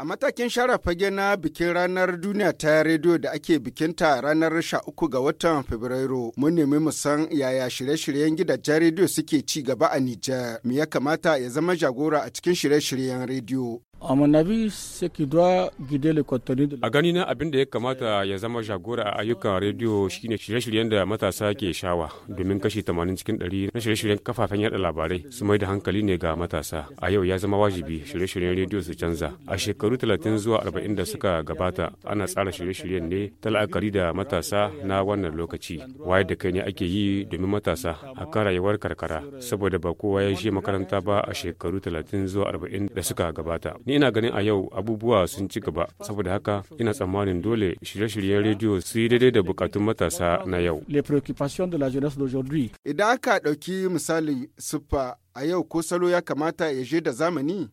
A matakin shara fage na bikin ranar duniya ta rediyo da ake bikinta ranar sha uku ga watan Fabrairu, mun nemi mu san yaya shirye-shiryen gidajen rediyo suke ci gaba a Nijar, me ya kamata ya zama jagora a cikin shirye-shiryen rediyo. A gani na abin da ya kamata ya zama jagora a ayyukan rediyo shine shirye-shiryen da matasa ke shawa domin kashi 80 cikin 100 na shirye-shiryen kafafen yada labarai su mai da hankali ne ga matasa. A yau ya zama wajibi shirye-shiryen rediyo su canza. A shekaru 30 zuwa 40 da suka gabata ana tsara shirye-shiryen ne ta la'akari da matasa na wannan lokaci. Wayar da kai ne ake yi domin matasa a kan rayuwar karkara saboda ba kowa ya je makaranta ba a shekaru 30 zuwa 40 da suka gabata. ni ina ganin a yau abubuwa sun ci gaba saboda haka ina tsammanin dole shirye-shiryen rediyo su yi daidai da bukatun matasa na yau idan aka ɗauki misalin siffa a yau ko salo ya kamata ya je da zamani?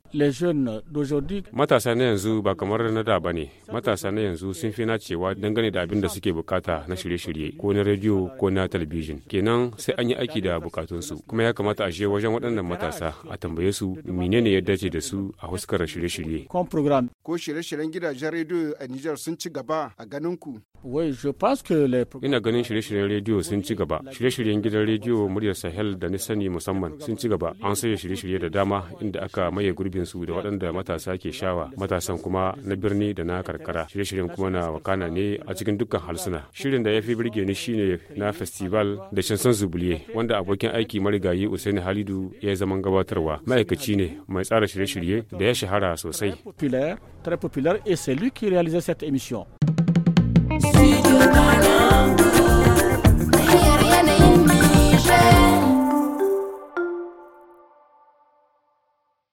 Matasa na yanzu ba kamar na da ba ne. Matasa na yanzu sun fi na cewa dangane da abin da suke bukata na shirye-shirye ko na rediyo ko na talabijin. Kenan sai an yi aiki da bukatunsu. Kuma ya kamata a je wajen waɗannan matasa a tambaye su menene ya dace da su a huskar shirye-shirye. Ko shirye-shiryen gidajen rediyo a Nijar sun ci gaba a ganin ku? Ina ganin shirye-shiryen rediyo sun ci gaba. Shirye-shiryen gidan rediyo muryar Sahel da ni sani musamman sun ci gaba. ba an sanya shirye-shirye da dama inda aka maye gurbin su da waɗanda matasa ke shawa matasan kuma na birni da na karkara shirye-shiryen kuma na wakana ne a cikin dukkan halsuna. shirin da ya fi birge ni shine na festival da shansan zubulye wanda abokin aiki marigayi usaini halidu ya yi zaman gabatarwa ma'aikaci ne mai tsara shirye-shirye da ya shahara sosai très populaire, et c'est lui qui réalisait cette émission.